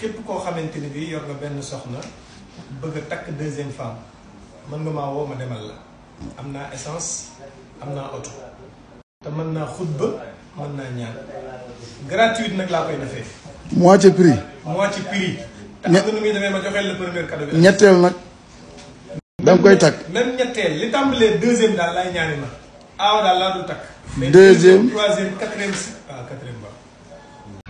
képp koo xamante ni bii yor nga benn soxna bëgg a takk deuxième femme mën nga maa woo ma demal la am naa essence am naa oto te mën naa ba mën naa ñaan gratuite nag laa koy defee. moitié prix. moitié prix. te am na ñetteel nag. da koy takk même ñetteel li tàmbalee deuxième daal laay ñaari ma aaw daal laa dul takk. deuxième quatrième si ah, waaw quatrième ba.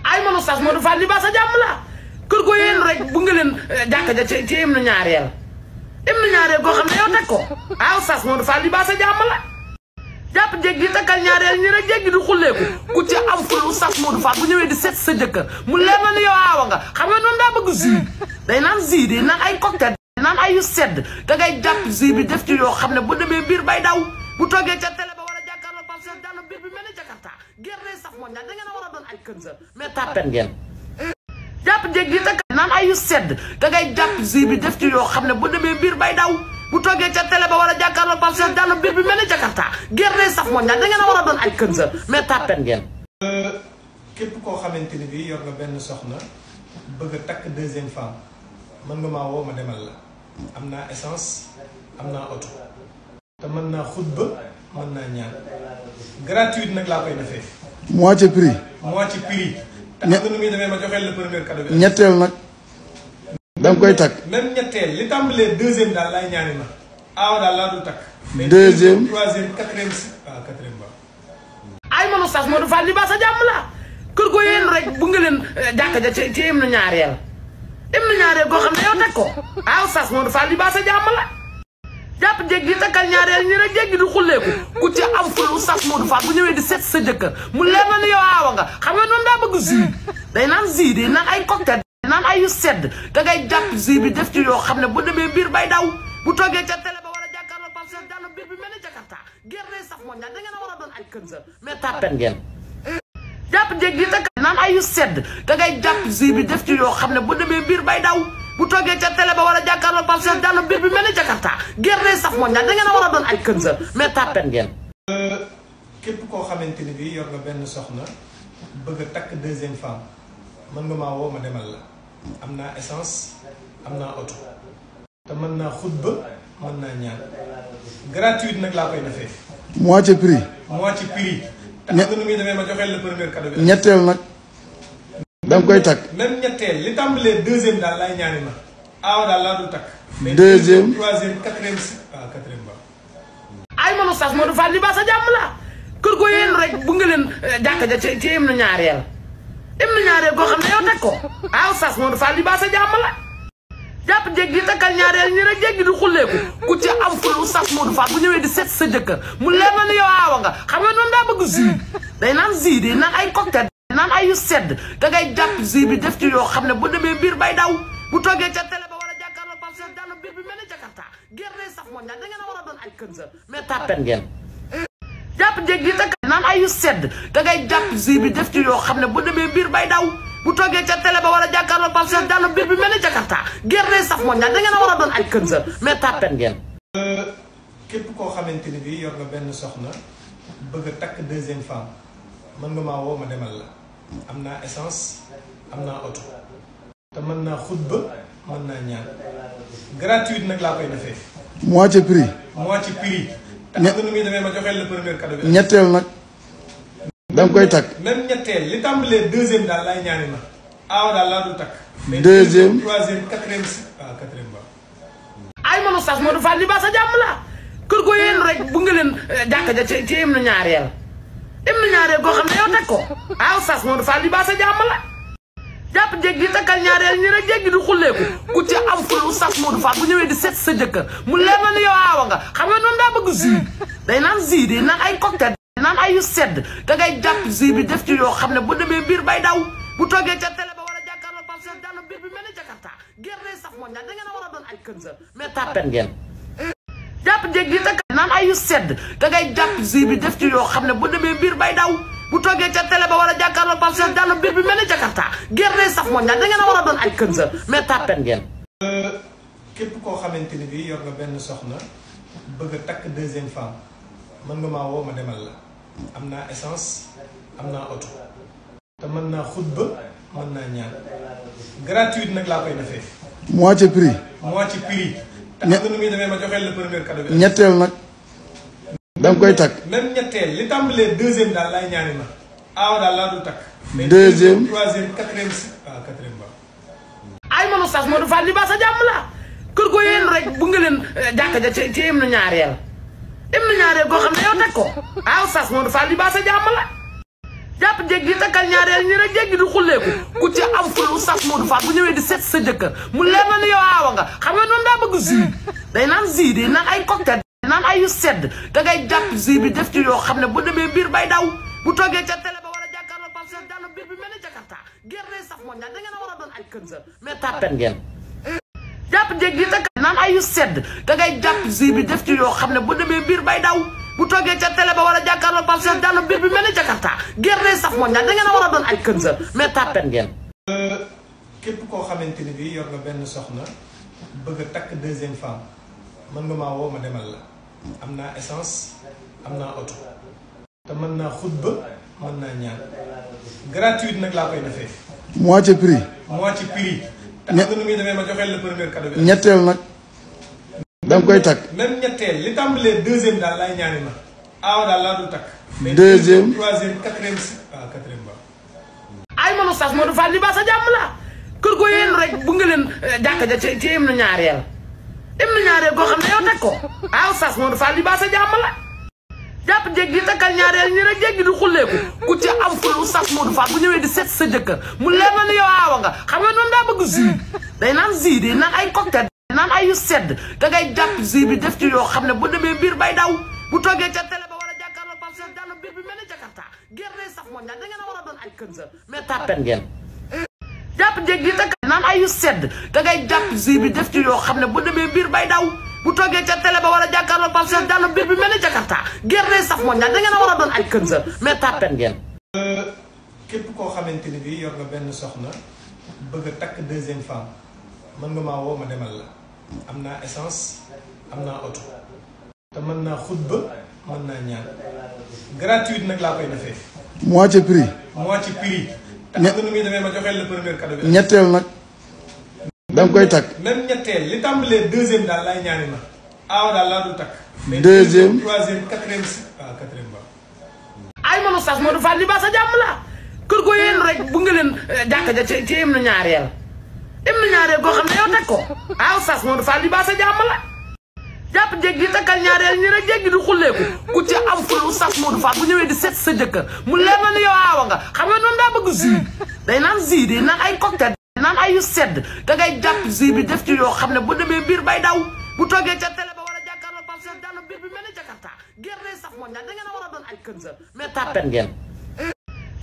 ay mama sas Modou Fall li sa jàmm la. kër gu yéen rek bu nga leen eh, jàkka ja ci im na ñaareel im na ñaareel koo xam ne yow teg ko ah sas Modou Fall sa jàmm du xulleeku ku bu ñëwee di seet sa jëkkër mu leer na ne yow aawa nga xam nga noonu daa bëgg jus day naan jus day naan ay cocktail day naan ay sedd da ngay jàpp jus bi def ci yoo xam ne bu demee biir bay daw bu toggee ca télé ba war a jàkkaarloo Pape Cheikh Diallo biir bi mel saf moo ñaar da a war a doon ay kënsër mais tàppen ngeen jàpp jéeg yi takk naan ayu sedd da ngay jàpp ji bi def ci yoo xam ne bu demee biir bay daw bu toogee ca tele ba wala jàkkaarloo Pape Cheikh Diallo biir bi mel ni Jakarta guerre sax mondial da ngeen a war a doon ay kënsër mais tàppen ngeen euh, képp koo xamante ni bii yor nga benn soxna bëgg a takk deuxième femme mën nga maa woo ma demal la am naa essence am naa oto te mën naa xutba mën naa ñaan gratuite nag laa koy defee moitié prix moitié prix ñetteel nag. da nga koy takk même ñetteel li tàmbalee deuxième daal laay ñaani ma aaw sas moo du faat li sa jàmm la kër go yéen rek bu nga leen eh, jàkk ja ci im na ñaareel im na ñaareel koo xam ne yow teg ko aaw sas moo du faat li jàmm la. jéggi takkal ñaareel ñi rek jéggi du xulleeku ku ci am ful oustaz Modou Fall bu ñëwee di seet sa jëkkër mu leer na ni yow aawa nga xam nga noonu daa bëgg jus day naan jus day naan ay cocktail day naan ay yu sedd da ngay jàpp jus bi def ci yoo xam ne bu demee mbir bay daw bu toggee ca télé ba wala jàkkaarloo pam seen daanu mbir bi mel ni Jakarta gerte saf moo ñaar da ngeen a war a doon ay kën sa mais tàppen ngeen jàpp jéggi takkal naan ay yu sedd da ngay jàpp jus bi def ci yoo xam ne bu demee mbir bay daw bu toggee ca télé ba war a jàkkaarloo Pape Cheikh Diallo mbir bi mel ni Jakarta guerre saf moom a war a doon ak kënsër mais tàppen ngeen. képp koo xamante ni bii yor nga benn soxna bëgg a takk deuxième femme mën nga maa woo ma demal la am naa essence am naa oto te mën naa xutba mën naa ñaan gratuite nag laa koy defee. moitié prix. moitié prix. te xam nga nu muy demee ma joxeel la premier cadeau bi. ñetteel nag. da koy takk même ñetteel li tàmbalee deuxième daal ma aaw daal laa dul takk. deuxième sas ah, Modou Fall li ba sa rek bu eh, na ñaareel im ko aaw ah, sas Modou Fall li ba sa jàmm la. jàpp jéggi di takkal ñaareel ñi rek jéggi du xulleeku ku ci am fulu sas Modou Fall bu ñëwee di seet sa jëkkër mu leer na ni yow aawa xam nga moom daa bëgg jus day naan jus day naan ay cocktail naan ay yu sedd da ngay jàpp ji bi def ci yoo xam ne bu demee biir bay daw bu toogee ca tele ba wala jàkkaarloo Pape Cheikh Diallo biir bi mel ni Jakarta a war a doon ay kënsër mais tàppet ngeen jàpp jéeg di takk naan sedd ngay jàpp ji bi xam ne bu demee biir bay daw bu toogee ca télé ba wala jàkkaarloo Pape Cheikh Diallo biir bi mel ni Jakarta guerre saf mondial da ngeen a war a doon ay kënsër mais tàppet ngeen euh, képp koo xamante ni bi yor nga benn soxna bëgg a takk deuxième femme mën nga maa woo ma demal la am naa essence am na oto te mën naa xutba mën naa ñaan gratuite nag laa na nu muy demee ma joxeel la premier ñetteel nag. da koy takk même ñetteel li tàmbalee deuxième daal laay ñaani ma aaw daal laa dul takk. deuxième ah, ay mama sas moo du Fall li ba sa jàmm la kër go yéen rek bu nga leen eh, jàkka ja ci im na ñaareel im na ñaareel koo xam ne yow teg ko. sas moom dafa libaasa jàmm la jàpp jéggi takkal ñaareel ñi rek jéggi du xulleeku ku ci am fulu sas Modou Fall bu ñëwee di seet sa jëkkër mu leer na ni yow aawa xam nga noonu daa bëgg jus day naan jus day naan ay cocktail sedd da ngay jàpp jus bi def ci yoo xam ne bu demee biir bay daw bu toggee ca télé ba war a jàkkaarloo parce que daanu biir bi mel ni a a doon ay kënsër mais ngeen jàpp jéggi takkal naan ay yu sedd da ngay jàpp jus ci yoo xam ne bu demee biir bay daw bu toggee ca télé ba wala jàkkaarloo Pape Cheikh Diallo biir bi mel ni Jakarta guerre day saf mondial da a war a doon ay kënsër mais tàppet ngeen. Euh, képp koo xamante ni bii yor nga benn soxna bëgg a takk deuxième femme mën nga maa woo ma demal la am naa essence am naa oto te mën naa xutba mën naa ñaan gratuite nag laa koy defee. moitié prix. moitié prix. te xam ñetteel nag. da koy takk même ñetteel li tàmbalee deuxième daal laay ñaari ma aaw daal laa du ah, ay manu sas sa jàmm la kër go yéen rek bu nga leen eh, jàkk ja ko aaw sas moo du faat li ba sa jàmm la jàpp jéeg di takkal ñaareel ñi rek jéeg di xulleeku ku ci am fulu sas moo du faat bu ñëwee di seet sa jëkkër mu leer na ni yow aawa nga xam nga noonu daa bëgg jus day naan jus day naan ay cocktail naan ay yu sedd da ngay jàpp si bi def ci yoo xam ne bu demee biir bay daw bu toogee ca tele ba wala jàkkaarloo Pape Cheikh Diallo biir bi mel ni Jakarta a war a doon ay kënsër mais tàppen ngeen. jàpp njëg yi yu sedd da ngay jàpp si bi def xam ne bu demee biir bay daw bu toogee ca télé ba wala jàkkaarloo Pape Cheikh Diallo biir bi mel ni Jakarta gerte saf moom da ngeen war a doon ay kënsër mais tàppen ngeen. képp koo xamante ni bii yor nga benn soxna bëgg a takk deuxième femme mën nga maa woo ma demal la. am naa essence am na oto te mën naa xutba mën naa ñaan gratuite nag laa koy defee. moitié prix. moitié na nu muy demee ma joxeel ñetteel nag. da koy takk même ñetteel li tàmbalee deuxième daal laay ñaani ma aaw daal laa dul takk. deuxième ah, ay manu sas Modou Fall li ba sa jàmm la kër ko yéen rek bu nga leen eh, jàkka ja ci yem na ñaareel. dem na ñaareel koo xam ne yow teg ko aw sas moom dafa li baasa jàpp jéggi takkal ñaareel ñi rek jéggi du xulleeku ku ci am fulu sas Modou Fall bu ñëwee di seet sa jëkkër mu leer na ni yow xam nga noonu daa bëgg jus day naan jus day naan ay cocktail naan ay sedd da ngay jàpp jus bi def ci yoo xam ne bu demee biir bay daw bu toggee ca télé ba wala jàkkaarloo Pape Cheikh Diallo biir bi mel ni war a doon ay kën sa mais tàppet jàpp jéeg di takk naan ayu sedd da ngay jàpp si bi def ci yoo xam ne bu demee mbir bay daw bu toggee ca télé ba war a jàkkaarloo Pape Cheikh Diallo mbir bi mel ni Jakarta gerte saf moo ñaar da ngeen a war a doon ay kënsër mais tàppen ngeen. Euh, képp koo xamante ni bii yor nga benn soxna bëgg a takk deuxième femme mën nga maa woo ma demal la am naa essence am naa oto te mën naa xutba mën naa ñaan gratuite nag laa koy defee. moitié prix. moitié prix. te ñetteel nag. da koy takk même ñetteel li tàmbalee sas Modou Fall li ba jàmm la kër go yéen rek bu nga leen eh, jàkka ja ci yem na ñaareel im na ñaareel koo xam ne yow teg ko aaw sas Modou Fall li ba jàmm la jàpp jéggi takkal ñaareel ñi rek jéggi du xulleeku oustaz Modou Fall bu ñëwee di seet sa jëkkër mu leer na ni yow aawa xam nga noonu daa bëgg jus day naan jus day naan ay cocktail sedd da ngay jàpp jus bi def ci yoo xam ne bu demee biir bay daw bu toggee ca télé ba wala jàkkaarloo Pape da ngeen a war a doon kën sa mais tàppeen ngeen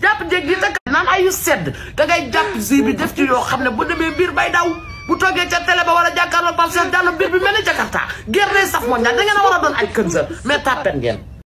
jàpp jéeg di yu sedd da ngay jàpp jus bi def xam ne bu demee biir bay daw bu toggee ca télé ba wala jàkkaarloo Pape Cheikh Diallo biir bi mel ni Jakarta gerte saf moo ñaar da a war a doon ay kën sa mais tàppeen ngeen